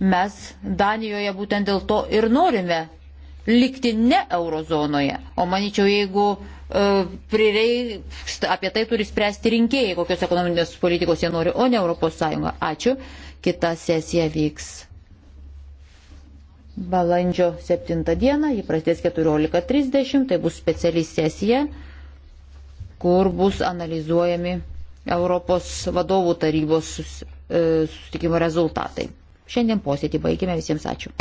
Mes Danijoje būtent dėl to ir norime likti ne eurozonoje. O manyčiau, jeigu e, prireiks, apie tai turi spręsti rinkėjai, kokios ekonominės politikos jie nori, o ne Europos Sąjunga. Ačiū. Kita sesija vyks balandžio 7 dieną, ji prasidės 14.30, tai bus speciali sesija, kur bus analizuojami Europos vadovų tarybos e, susitikimo rezultatai. Šiandien posėdį baigėme. Visiems ačiū.